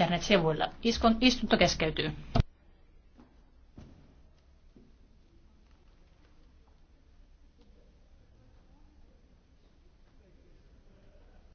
internetsivuilla. Istunto keskeytyy.